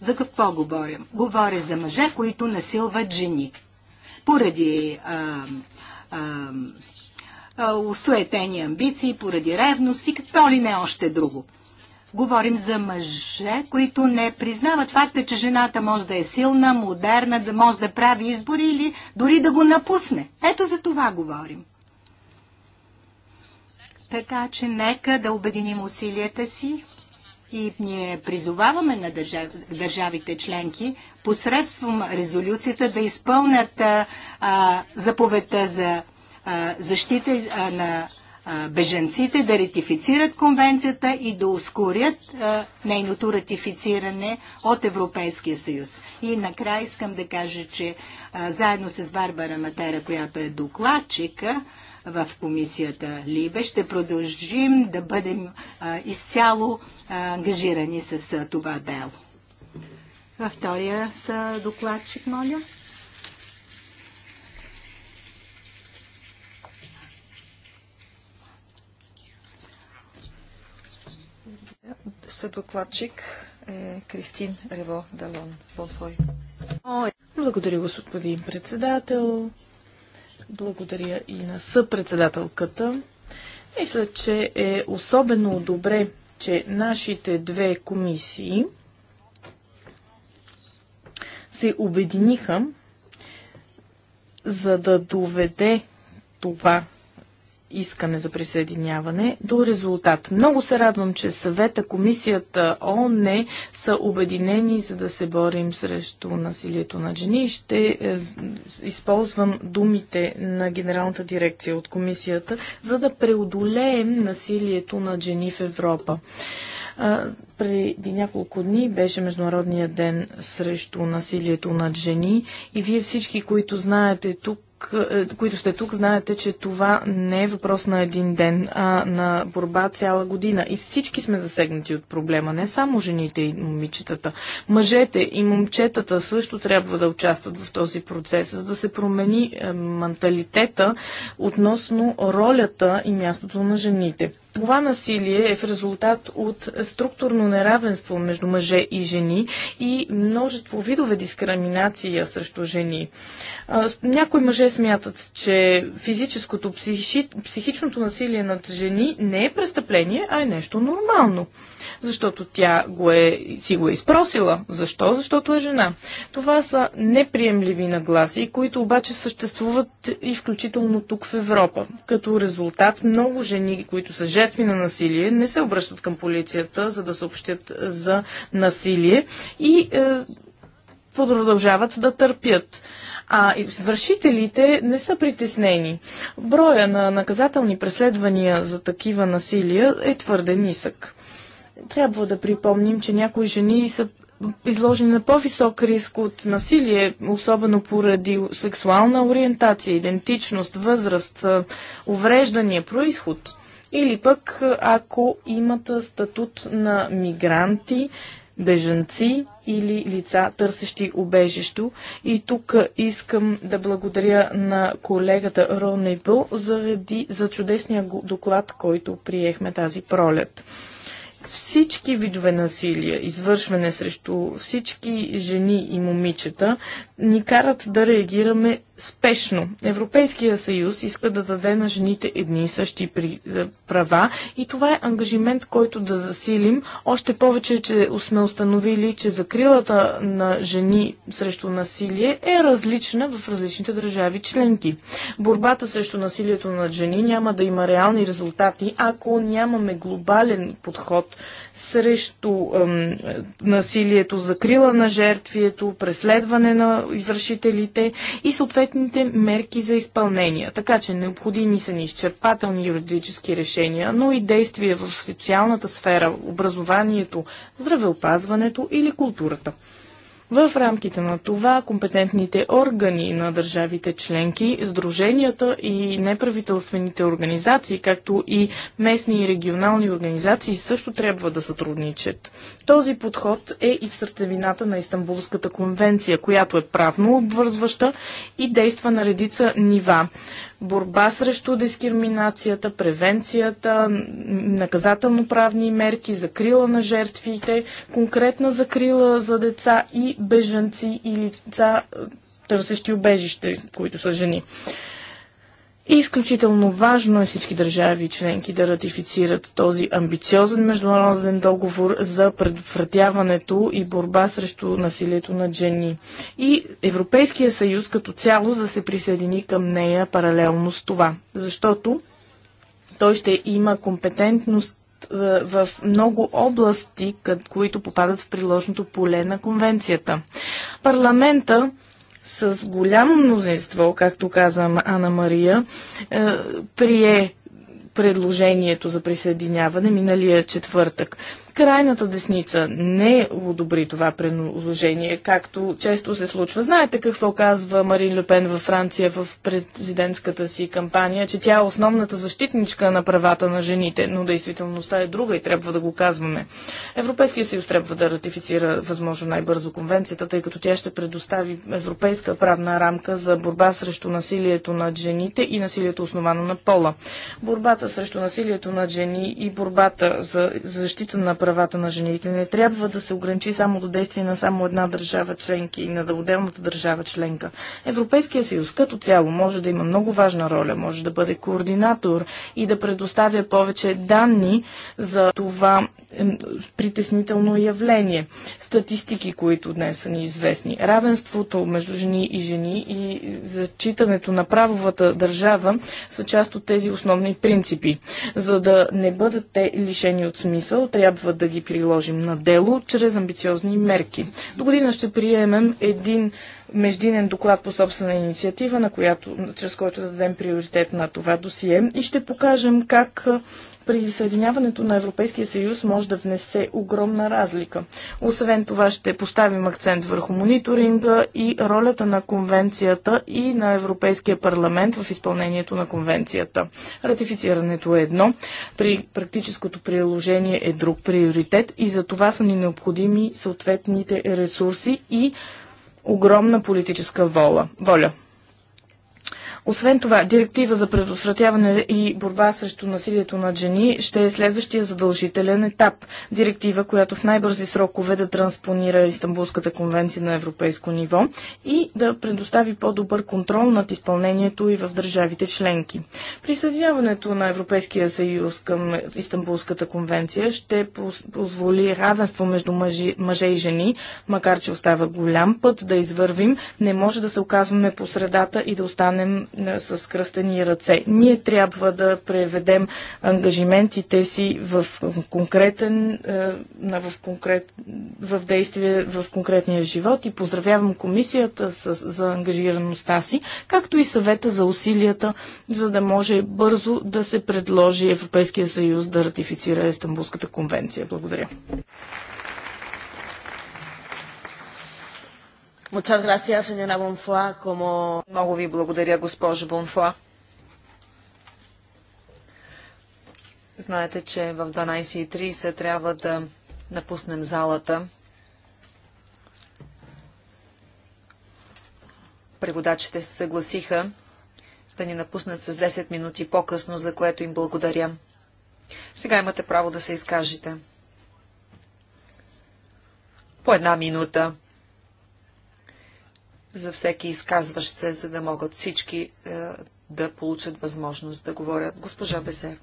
За какво говоря? Говоря за мъже, които насилват жени. Поради а, а, а, усуетени амбиции, поради ревност и какво ли не още друго. Говорим за мъже, които не признават факта, че жената може да е силна, модерна, да може да прави избори или дори да го напусне. Ето за това говорим. Така че нека да обединим усилията си и ние призоваваме на държав, държавите членки посредством резолюцията да изпълнят а, заповедта за а, защита а, на а, беженците, да ретифицират конвенцията и да ускорят а, нейното ратифициране от Европейския съюз. И накрая искам да кажа, че а, заедно с Барбара Матера, която е докладчика, в комисията Либе. Ще продължим да бъдем изцяло ангажирани с това дело. Във втория са докладчик, моля. Съдокладчик е Кристин Рево Далон. Благодаря, господин председател. Благодаря и на съпредседателката. Мисля, че е особено добре, че нашите две комисии се обединиха, за да доведе това искане за присъединяване до резултат. Много се радвам, че съвета, комисията, ООН са обединени за да се борим срещу насилието на жени. Ще е, използвам думите на генералната дирекция от комисията, за да преодолеем насилието на жени в Европа. А, преди няколко дни беше Международния ден срещу насилието над жени и вие всички, които знаете тук, е, които сте тук, знаете, че това не е въпрос на един ден, а на борба цяла година. И всички сме засегнати от проблема, не само жените и момичетата. Мъжете и момчетата също трябва да участват в този процес, за да се промени е, менталитета относно ролята и мястото на жените. Това насилие е в резултат от структурно неравенство между мъже и жени и множество видове дискриминация срещу жени. Някои мъже смятат, че физическото, психи... психичното насилие над жени не е престъпление, а е нещо нормално. Защото тя го е, си го е изпросила. Защо? Защото е жена. Това са неприемливи нагласи, които обаче съществуват и включително тук в Европа. Като резултат много жени, които са жени, жертви на насилие не се обръщат към полицията, за да съобщят за насилие и е, продължават да търпят. А извършителите не са притеснени. Броя на наказателни преследвания за такива насилия е твърде нисък. Трябва да припомним, че някои жени са изложени на по-висок риск от насилие, особено поради сексуална ориентация, идентичност, възраст, е, увреждания, происход или пък ако имат статут на мигранти, бежанци или лица, търсещи убежищо. И тук искам да благодаря на колегата Бъл заради за чудесния доклад, който приехме тази пролет всички видове насилия, извършване срещу всички жени и момичета, ни карат да реагираме спешно. Европейския съюз иска да даде на жените едни и същи е, права и това е ангажимент, който да засилим. Още повече, че сме установили, че закрилата на жени срещу насилие е различна в различните държави членки. Борбата срещу насилието на жени няма да има реални резултати, ако нямаме глобален подход срещу ем, насилието, закрила на жертвието, преследване на извършителите и съответните мерки за изпълнение. Така че необходими са ни изчерпателни юридически решения, но и действия в социалната сфера, образованието, здравеопазването или културата. В рамките на това компетентните органи на държавите членки, сдруженията и неправителствените организации, както и местни и регионални организации също трябва да сътрудничат. Този подход е и в сърцевината на Истанбулската конвенция, която е правно обвързваща и действа на редица нива борба срещу дискриминацията, превенцията, наказателно-правни мерки, закрила на жертвите, конкретна закрила за деца и бежанци и лица е, търсещи убежище, които са жени. Изключително важно е всички държави членки да ратифицират този амбициозен международен договор за предотвратяването и борба срещу насилието на жени. И Европейския съюз като цяло да се присъедини към нея паралелно с това, защото той ще има компетентност е, в много области, които попадат в приложното поле на конвенцията. Парламента с голямо мнозинство, както каза Ана Мария, е, прие предложението за присъединяване миналия четвъртък. Крайната десница не одобри това предложение, както често се случва. Знаете какво казва Марин Люпен във Франция в президентската си кампания, че тя е основната защитничка на правата на жените, но действителността е друга и трябва да го казваме. Европейския съюз трябва да ратифицира възможно най-бързо конвенцията, тъй като тя ще предостави европейска правна рамка за борба срещу насилието над жените и насилието основано на пола. Борбата срещу насилието над жени и борбата за защита на правата на жените. Не трябва да се ограничи само до действие на само една държава членка и на отделната държава членка. Европейския съюз като цяло може да има много важна роля, може да бъде координатор и да предоставя повече данни за това притеснително явление. Статистики, които днес са ни известни. Равенството между жени и жени и зачитането на правовата държава са част от тези основни принципи. За да не бъдат те лишени от смисъл, трябва да ги приложим на дело чрез амбициозни мерки. До година ще приемем един междинен доклад по собствена инициатива, на която, чрез който да дадем приоритет на това досие и ще покажем как присъединяването на Европейския съюз може да внесе огромна разлика. Освен това ще поставим акцент върху мониторинга и ролята на конвенцията и на Европейския парламент в изпълнението на конвенцията. Ратифицирането е едно, при практическото приложение е друг приоритет и за това са ни необходими съответните ресурси и огромна политическа воля. Освен това, директива за предотвратяване и борба срещу насилието над жени ще е следващия задължителен етап. Директива, която в най-бързи срокове да транспонира Истанбулската конвенция на европейско ниво и да предостави по-добър контрол над изпълнението и в държавите членки. Присъединяването на Европейския съюз към Истанбулската конвенция ще позволи равенство между мъжи, мъже и жени, макар че остава голям път да извървим, не може да се оказваме по средата и да останем е, с кръстени ръце. Ние трябва да преведем ангажиментите си в конкретен, е, в, конкрет, в действие в конкретния живот и поздравявам комисията с, за ангажираността си, както и съвета за усилията, за да може бързо да се предложи Европейския съюз да ратифицира Естанбулската конвенция. Благодаря. Gracias, Bonfoy, como... Много ви благодаря, госпожо Бонфуа. Знаете, че в 12.30 трябва да напуснем залата. Преводачите се съгласиха да ни напуснат с 10 минути по-късно, за което им благодаря. Сега имате право да се изкажете. По една минута за всеки изказващ се, за да могат всички е, да получат възможност да говорят. Госпожа Бесер.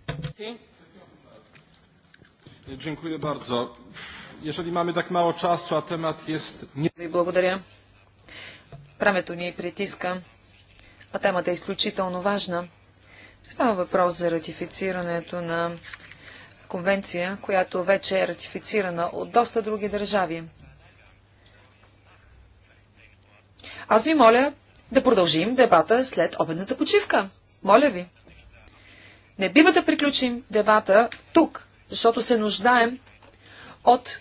Ви благодаря. Времето ни притиска, а темата е изключително важна. Става въпрос за ратифицирането на конвенция, която вече е ратифицирана от доста други държави. Аз ви моля да продължим дебата след обедната почивка. Моля ви. Не бива да приключим дебата тук, защото се нуждаем от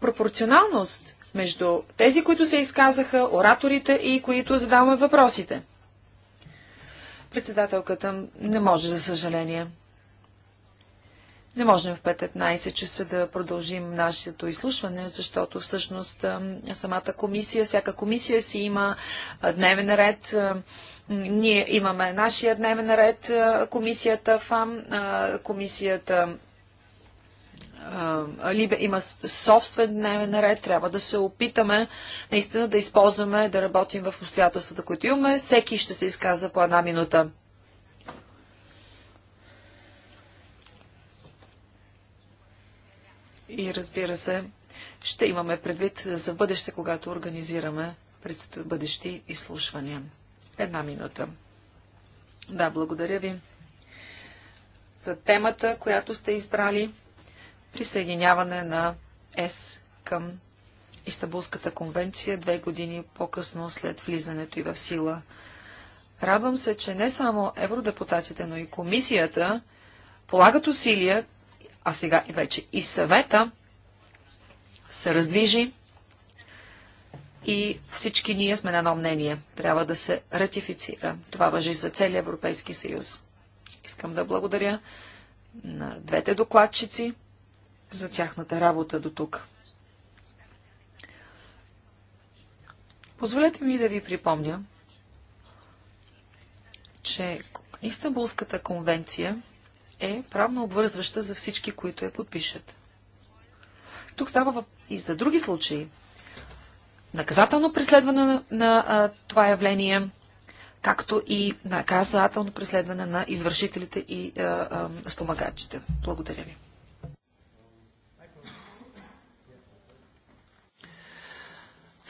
пропорционалност между тези, които се изказаха, ораторите и които задаваме въпросите. Председателката не може, за съжаление. Не можем в 15 часа да продължим нашето изслушване, защото всъщност самата комисия, всяка комисия си има дневен ред. Ние имаме нашия дневен ред, комисията ФАМ, комисията Либе има собствен дневен ред, трябва да се опитаме наистина да използваме, да работим в обстоятелствата, които имаме. Всеки ще се изказва по една минута. И разбира се, ще имаме предвид за бъдеще, когато организираме бъдещи изслушвания. Една минута. Да, благодаря ви за темата, която сте избрали. Присъединяване на ЕС към Истанбулската конвенция две години по-късно след влизането и в сила. Радвам се, че не само евродепутатите, но и комисията полагат усилия а сега и вече и съвета се раздвижи и всички ние сме на едно мнение. Трябва да се ратифицира. Това въжи за целия Европейски съюз. Искам да благодаря на двете докладчици за тяхната работа до тук. Позволете ми да ви припомня, че Истанбулската конвенция е правно обвързваща за всички, които я подпишат. Тук става и за други случаи. Наказателно преследване на, на а, това явление, както и наказателно преследване на извършителите и а, а, спомагачите. Благодаря ви.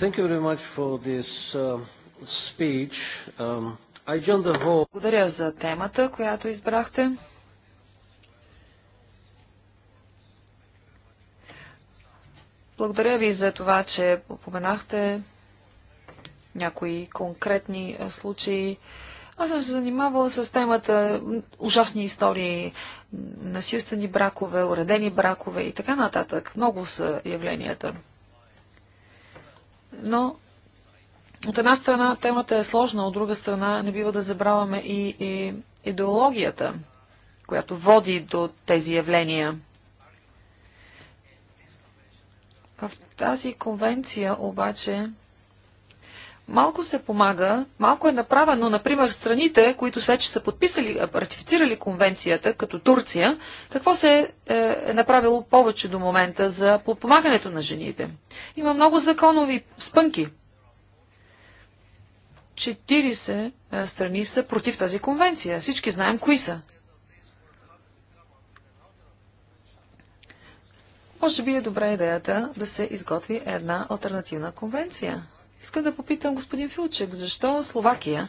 Thank you very much for this uh, speech. Um, I joined the whole... Благодаря за темата, която избрахте. Благодаря ви за това, че поменахте някои конкретни случаи. Аз съм се занимавала с темата ужасни истории, насилствени бракове, уредени бракове и така нататък. Много са явленията. Но от една страна темата е сложна, от друга страна не бива да забравяме и, и идеологията, която води до тези явления. В тази конвенция обаче малко се помага, малко е направено, например, страните, които вече са подписали, ратифицирали конвенцията, като Турция, какво се е, е направило повече до момента за подпомагането на жените. Има много законови спънки. 40 е, страни са против тази конвенция. Всички знаем кои са. Може би е добра идеята да се изготви една альтернативна конвенция. Искам да попитам господин Филчек, защо Словакия,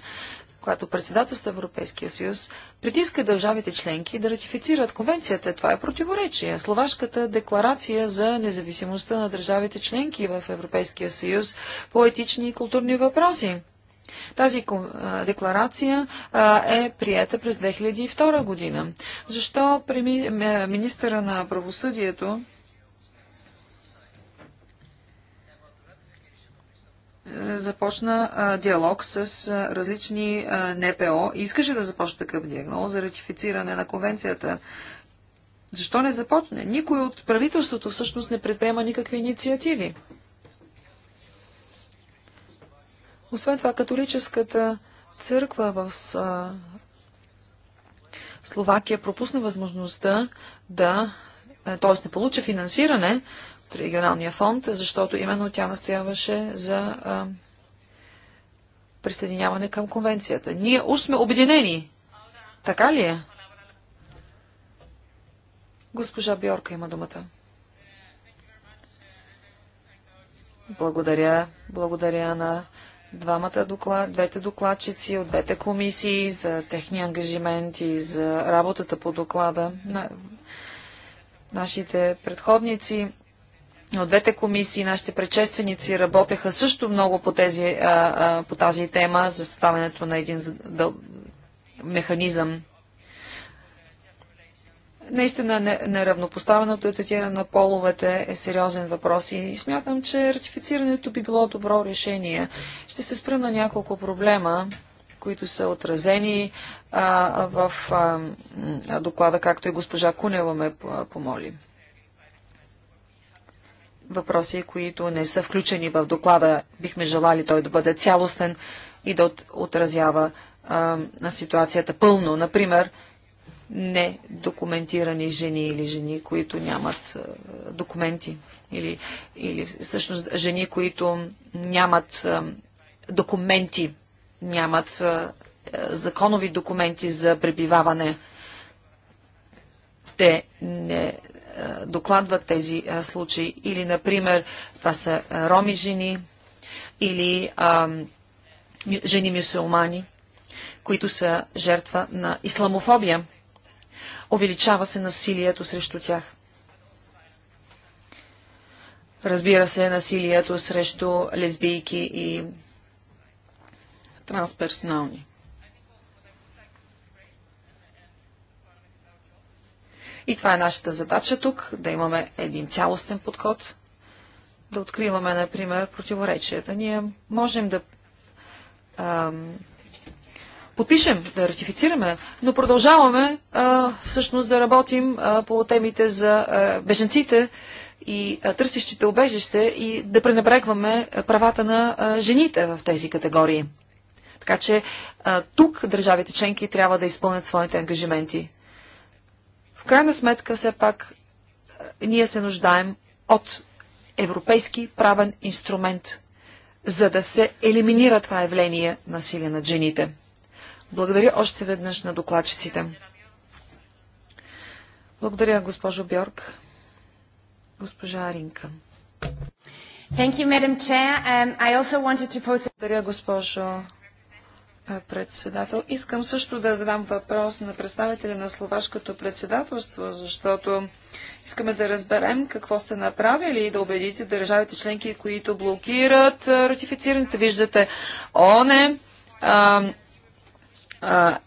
която председателства Европейския съюз, притиска държавите членки да ратифицират конвенцията. Това е противоречие. Словашката декларация за независимостта на държавите членки в Европейския съюз по етични и културни въпроси. Тази декларация е приета през 2002 година. Защо министъра на правосъдието започна диалог с различни НПО и искаше да започне такъв диагноз за ратифициране на конвенцията. Защо не започне? Никой от правителството всъщност не предприема никакви инициативи. Освен това, католическата църква в Словакия пропусна възможността да, е, т.е. не получи финансиране от регионалния фонд, защото именно тя настояваше за а, присъединяване към конвенцията. Ние уж сме обединени. Така ли е? Госпожа Бьорка има думата. Благодаря. Благодаря на двамата доклад, двете докладчици от двете комисии за техния ангажимент и за работата по доклада. На... Нашите предходници но двете комисии, нашите предшественици работеха също много по, тези, по тази тема за съставянето на един механизъм. Наистина неравнопоставеното етатиране на половете е сериозен въпрос и смятам, че ратифицирането би било добро решение. Ще се спра на няколко проблема, които са отразени а, в а, доклада, както и госпожа Кунева ме помоли въпроси, които не са включени в доклада. Бихме желали той да бъде цялостен и да отразява а, на ситуацията пълно. Например, недокументирани жени или жени, които нямат а, документи или, или всъщност жени, които нямат а, документи, нямат а, законови документи за пребиваване. Те не е, докладват тези е, случаи. Или, например, това са е, роми жени или а, жени мюсулмани, които са жертва на исламофобия. Увеличава се насилието срещу тях. Разбира се, насилието срещу лесбийки и трансперсонални. И това е нашата задача тук, да имаме един цялостен подход, да откриваме, например, противоречията. Ние можем да ам, подпишем, да ратифицираме, но продължаваме а, всъщност да работим а, по темите за а, беженците и а, търсещите обежище и да пренебрегваме правата на а, жените в тези категории. Така че а, тук държавите членки трябва да изпълнят своите ангажименти крайна сметка, все пак, е, ние се нуждаем от европейски правен инструмент, за да се елиминира това явление насилие над жените. Благодаря още веднъж на докладчиците. Благодаря, госпожо Бьорг, Госпожа Ринка. You, um, post... Благодаря, госпожо е, председател. Искам също да задам въпрос на представителя на словашкото председателство, защото искаме да разберем какво сте направили и да убедите държавите членки, които блокират е, ратифицирането. Виждате, ОНЕ а, а,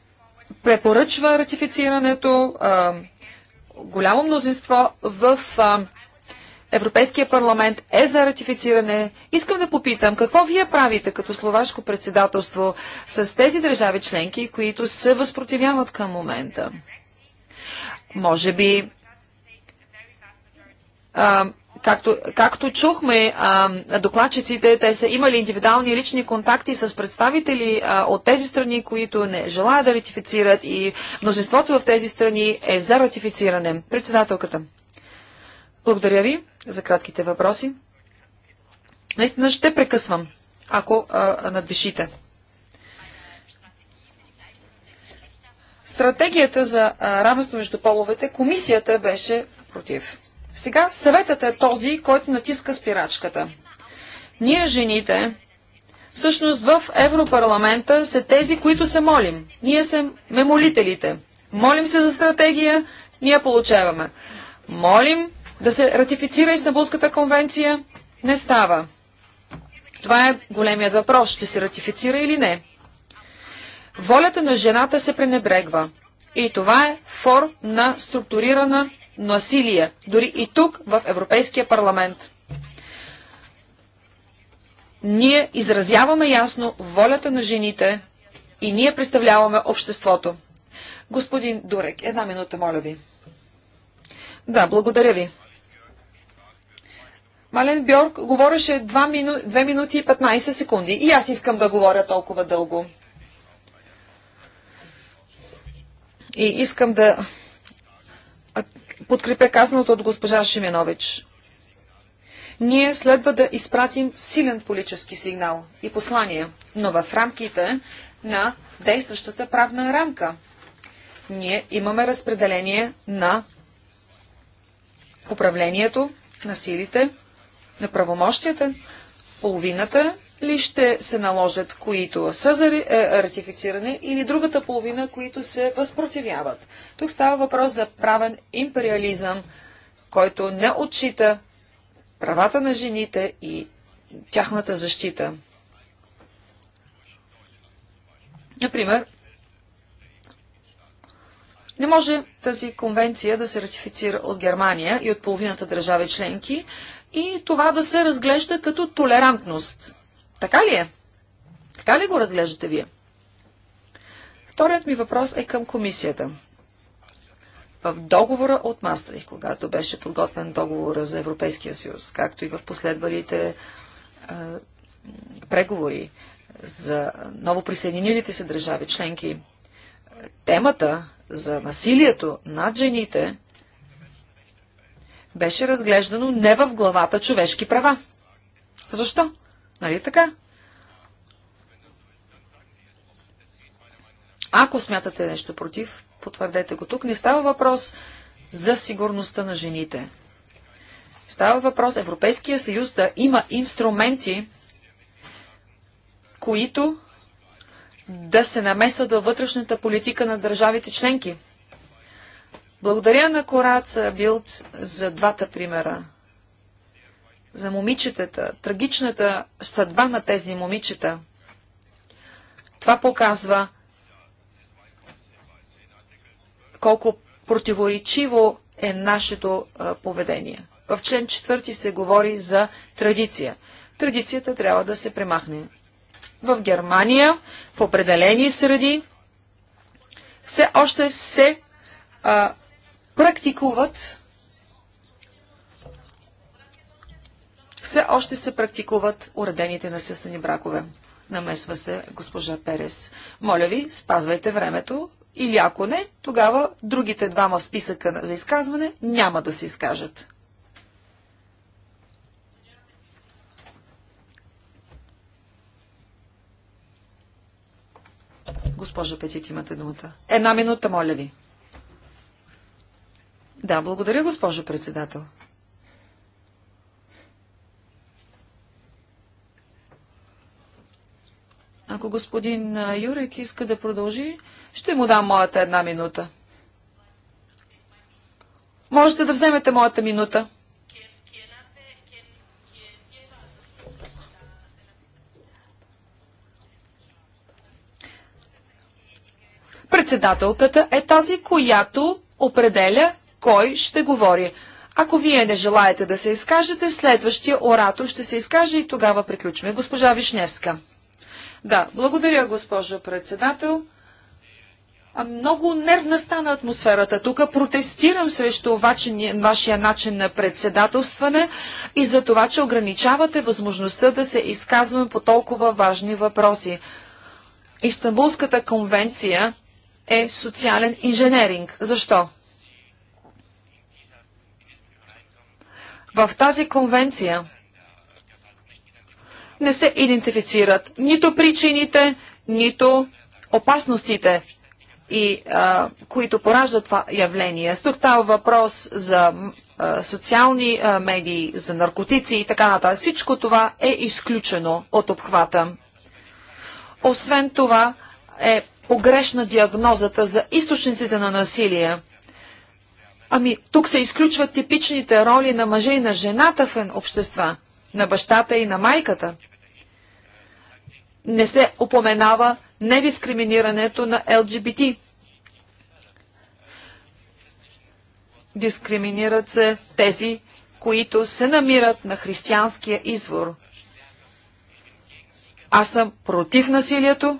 препоръчва ратифицирането. А, голямо мнозинство в а, Европейския парламент е за ратифициране. Искам да попитам, какво вие правите като словашко председателство с тези държави членки, които се възпротивяват към момента? Може би, а, както, както чухме, а, докладчиците, те са имали индивидуални лични контакти с представители а, от тези страни, които не желаят да ратифицират и мнозинството в тези страни е за ратифициране. Председателката. Благодаря ви за кратките въпроси. Наистина ще прекъсвам, ако а, надвишите. Стратегията за равенство между половете, комисията беше против. Сега съветът е този, който натиска спирачката. Ние, жените, всъщност в Европарламента са тези, които се молим. Ние сме молителите. Молим се за стратегия, ние получаваме. Молим да се ратифицира Истанбулската конвенция? Не става. Това е големият въпрос. Ще се ратифицира или не? Волята на жената се пренебрегва. И това е фор на структурирана насилие, дори и тук в Европейския парламент. Ние изразяваме ясно волята на жените и ние представляваме обществото. Господин Дурек, една минута, моля ви. Да, благодаря ви. Мален Бьорк говореше 2, мину... 2 минути и 15 секунди. И аз искам да говоря толкова дълго. И искам да подкрепя казаното от госпожа Шименович. Ние следва да изпратим силен политически сигнал и послание, но в рамките на действащата правна рамка. Ние имаме разпределение на управлението на силите на правомощията? Половината ли ще се наложат, които са за е, ратифициране, или другата половина, които се възпротивяват? Тук става въпрос за правен империализъм, който не отчита правата на жените и тяхната защита. Например, не може тази конвенция да се ратифицира от Германия и от половината държави членки, и това да се разглежда като толерантност. Така ли е? Така ли го разглеждате вие? Вторият ми въпрос е към комисията. В договора от Мастрих, когато беше подготвен договора за Европейския съюз, както и в последвалите е, преговори за ново присъединилите се държави членки, темата за насилието над жените беше разглеждано не в главата човешки права. Защо? Нали така? Ако смятате нещо против, потвърдете го тук. Не става въпрос за сигурността на жените. Става въпрос Европейския съюз да има инструменти, които да се наместват във вътрешната политика на държавите членки. Благодаря на Кораца Билд за двата примера. За момичетата, трагичната съдба на тези момичета. Това показва колко противоречиво е нашето поведение. В член 4 се говори за традиция. Традицията трябва да се премахне. В Германия, в определени среди, все още се а, практикуват все още се практикуват уредените насилствени бракове. Намесва се госпожа Перес. Моля ви, спазвайте времето или ако не, тогава другите двама в списъка за изказване няма да се изкажат. Госпожа Петит, имате думата. Една минута, моля ви. Да, благодаря, госпожо председател. Ако господин Юрек иска да продължи, ще му дам моята една минута. Можете да вземете моята минута. Председателката е тази, която определя кой ще говори. Ако вие не желаете да се изкажете, следващия оратор ще се изкаже и тогава приключваме. Госпожа Вишневска. Да, благодаря, госпожо председател. Много нервна стана атмосферата. Тук протестирам срещу вашия начин на председателстване и за това, че ограничавате възможността да се изказваме по толкова важни въпроси. Истанбулската конвенция е социален инженеринг. Защо? В тази конвенция не се идентифицират нито причините, нито опасностите, и, а, които пораждат това явление. Тук става въпрос за а, социални а, медии, за наркотици и така нататък. Всичко това е изключено от обхвата. Освен това е погрешна диагнозата за източниците на насилие. Ами, тук се изключват типичните роли на мъже и на жената в общества, на бащата и на майката. Не се упоменава недискриминирането на ЛГБТ. Дискриминират се тези, които се намират на християнския извор. Аз съм против насилието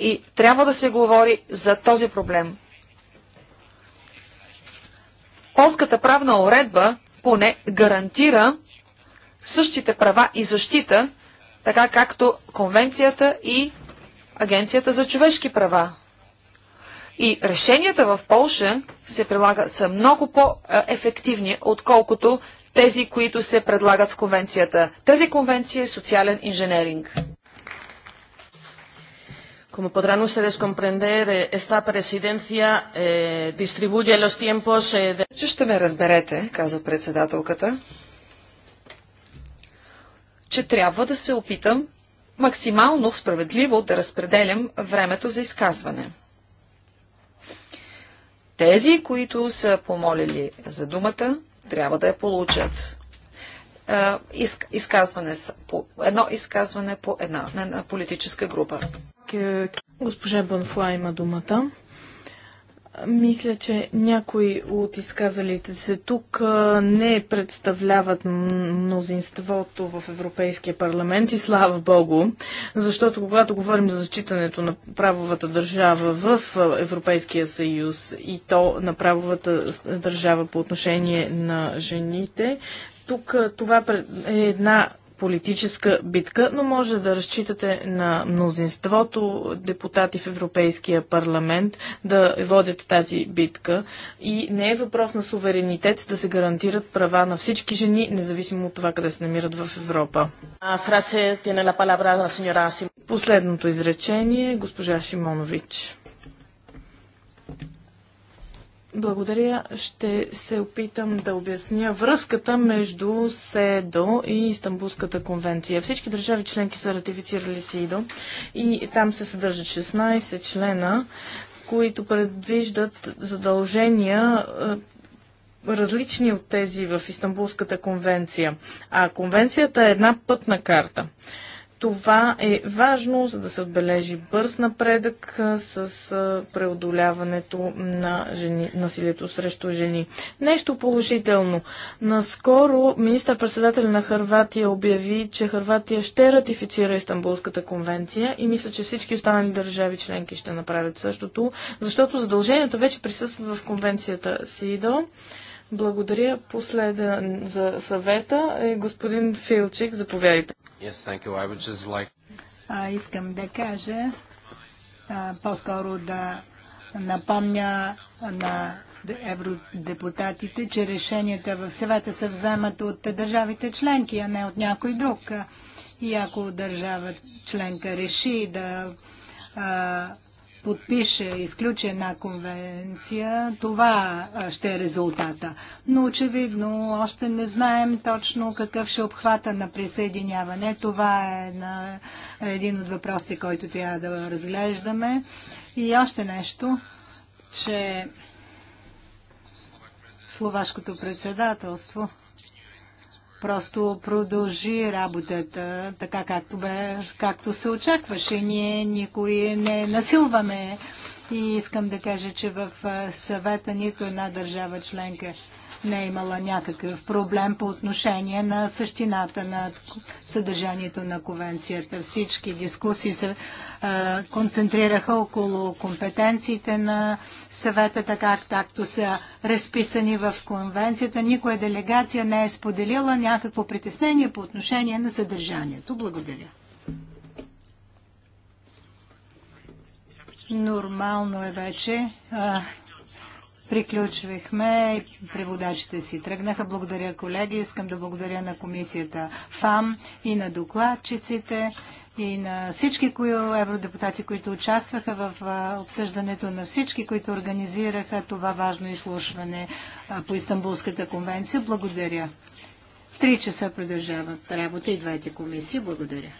и трябва да се говори за този проблем – полската правна уредба поне гарантира същите права и защита, така както конвенцията и Агенцията за човешки права. И решенията в Полша се прилагат са много по-ефективни, отколкото тези, които се предлагат в конвенцията. Тези конвенции е социален инженеринг. Como podrán ustedes comprender, eh, esta presidencia eh, distribuye los tiempos... Eh, de... Ще ме разберете, каза председателката, че трябва да се опитам максимално справедливо да разпределям времето за изказване. Тези, които са помолили за думата, трябва да я получат. Е, изказване, по, едно изказване по една на, на политическа група. Госпожа Банфла има думата. Мисля, че някои от изказалите се тук не представляват мнозинството в Европейския парламент и слава Богу, защото когато говорим за зачитането на правовата държава в Европейския съюз и то на правовата държава по отношение на жените, тук това е една политическа битка, но може да разчитате на мнозинството депутати в Европейския парламент да водят тази битка. И не е въпрос на суверенитет да се гарантират права на всички жени, независимо от това къде се намират в Европа. Последното изречение, госпожа Шимонович. Благодаря. Ще се опитам да обясня връзката между СЕДО и Истанбулската конвенция. Всички държави членки са ратифицирали СИДО и там се съдържат 16 члена, които предвиждат задължения е, различни от тези в Истанбулската конвенция. А конвенцията е една пътна карта. Това е важно, за да се отбележи бърз напредък с преодоляването на жени, насилието срещу жени. Нещо положително. Наскоро министър-председател на Харватия обяви, че Харватия ще ратифицира Истанбулската конвенция и мисля, че всички останали държави членки ще направят същото, защото задълженията вече присъстват в конвенцията СИДО. Си благодаря последен за съвета. Е господин Филчик, заповядайте. Yes, thank you. I would just like... а, искам да кажа, по-скоро да напомня на евродепутатите, че решенията в съвета се вземат от държавите членки, а не от някой друг. И ако държава членка реши да а, подпише и изключи една конвенция, това ще е резултата. Но очевидно още не знаем точно какъв ще е обхвата на присъединяване. Това е на един от въпросите, който трябва да разглеждаме. И още нещо, че словашкото председателство просто продължи работата така както, бе, както се очакваше. Ние никой не насилваме и искам да кажа, че в съвета нито една държава членка не е имала някакъв проблем по отношение на същината на съдържанието на конвенцията. Всички дискусии са концентрираха около компетенциите на съвета, така както са разписани в конвенцията. Никоя делегация не е споделила някакво притеснение по отношение на съдържанието. Благодаря. Нормално е вече. приключвахме. Преводачите си тръгнаха. Благодаря, колеги. Искам да благодаря на комисията ФАМ и на докладчиците и на всички кои, евродепутати, които участваха в обсъждането, на всички, които организираха това важно изслушване по Истанбулската конвенция. Благодаря. Три часа продължават работа и двете комисии. Благодаря.